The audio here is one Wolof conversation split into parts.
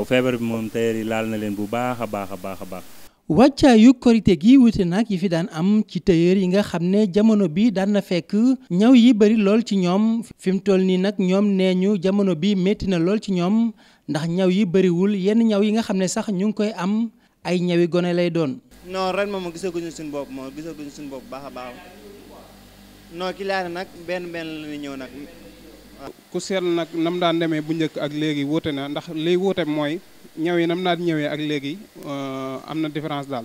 waaw feebar bi moom tailleur yi laal na leen bu baax a baax a baax a baax. wàccaayu korite gi wute nag yi fi daan am ci tailleur yi nga xam ne jamono bi daan na fekk ñaw yi bari lool ci ñoom fi mu toll nii nag ñoom nee ñu jamono bi métti na lool ci ñoom ndax ñaw yi bariwul yenn ñaw yi nga xam ne sax ñu ngi koy am ay ñawi gone lay doon. non ren moom gisaguñu suñu bopp moom gisaguñu suñu bopp baax a baax non ki laata nag benn benn la ñuy ñëw nag. ku seel nag nam daan demee bu njëkk ak léegi wuute na ndax liy wuute mooy ñëw yi nam daan ñëwee ak léegi euh, am na différence daal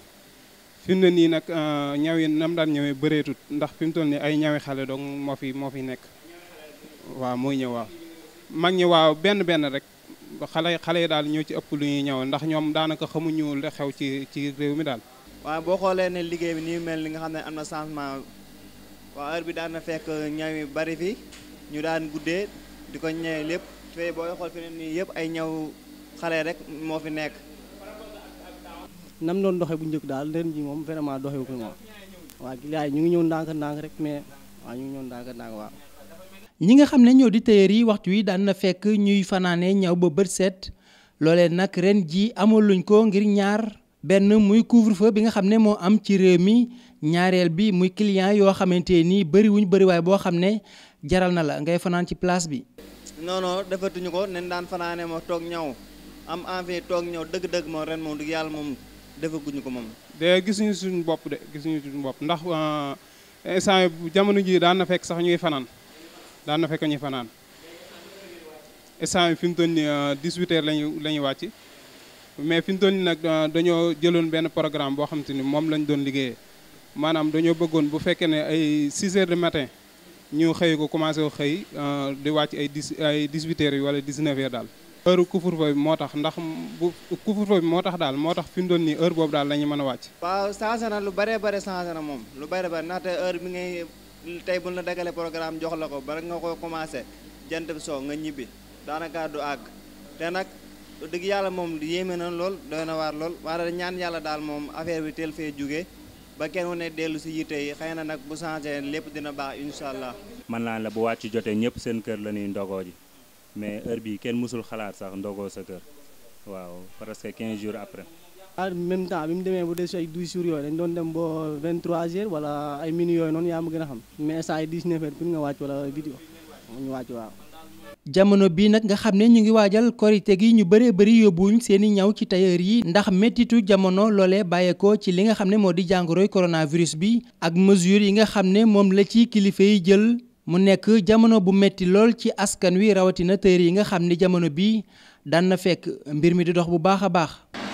fi ne nii nag euh, ñaw yi nam daan ñëwee bëreetut ndax fi mu toll nii ay ñawi xale donc moo fi moo fi nekk waaw mooy ñëw waaw mag ñi waaw benn benn rek xale xale yi daal ñoo ci ëpp lu ñuy ñëw ndax ñoom daanaka xamuñu la xew ci ci réew mi daal waaw boo xoolee liggéey bi ni mel ni nga xam ne am na changement waa heure bi daan fekk ñaw bari fi ñu daan guddee di ko ñëwee lépp tey booy xool feneen nii yëpp ay ñaw xale rek moo fi nekk. nam doon doxe bu njëkk daal ren ji moom vraiment doxewu ko moom waa gilaay ñu ngi ñëw ndànk ndànk rek mais waa ñu ngi ñëw ndànk ndànk waaw. ñi nga xam ne ñoo di tailleur yi waxtu wi daan na fekk ñuy fanaane ñaw ba bët set loolee nag ren ji amul luñ ko ngir ñaar. benn muy couvre-feu bi nga xam ne moo am ci réew mi ñaareel bi muy client yoo xamante nii bëri wuñ bëriwaay boo xam ne jaral na la ngay fanaan ci place bi. non defatuñu ko nañ daan fanaane moo toog ñaw am envie toog ñëw dëgg-dëgg moom ren moom du yàlla moom defaguñu ko moom. de gisuñu suñu bopp de gisuñu suñu bopp ndax euh, instant jamono ji daan na fekk sax ñuy fanaan daan na fekk ñuy fanaan instant bi fi mu toll nii 18 euh, heures lañuy la ñuy wàcc. mais fi ñu toll nii nag euh, dañoo jëloon benn programme boo xam te ni moom lañ doon liggéeyee maanaam dañoo bëggoon bu fekkee ne ay 6 heures du matin ñu xëy ko commencé ko xëy euh, di wàcc ay 10 ay 18 yi wala 19 heures daal. heure couvre-feu bi moo tax ndax bu couvre-feu bi moo tax daal moo tax fi mu doon nii heure boobu daal la mën a wàcc. waaw changé na lu bare bëri changé na moom lu bëri bëri ndaxte heure bi ngay tey bu la dagale programme jox la ko bari nga ko commencé jant bi soo nga ñibbi daanaka du àgg nag. dëgg yàlla moom yéeme na lool doy na waar lool waaye ñaan yàlla daal moom affaire bi teel fee jóge ba kenn wu ne dellu si yitte yi xëy na nag bu changé lépp dina baax incha allah. man naa la bu wàcc jotee ñëpp seen kër la ñuy ndogoo ji mais heure bii kenn mësul xalaat sax ndogoo sa kër waaw presque 15 jours après. en ah, même temps bi mu demee bu des ay 12 jours yooyu dañ doon dem bo 23 heures wala ay minuit yooyu noonu yaa ma gën xam mais saa yi 19 heures pour nga wàcc wala vidéo ñu wàcc jamono bi nag nga xam ne ñu ngi waajal korite gi ñu bëree bëri yóbbuwuñ seeni ñaw ci tailleur yi ndax méttitu jamono loolee bàyyeekoo ci li nga xam ne moo di jàngoroy coronavirus bi ak mesure yi nga xam ne moom la ci kilifa yi jël mu nekk jamono bu metti lool ci askan wi rawatina tailleur yi nga xam ne jamono bi daan na fekk mbir mi di dox bu baax a baax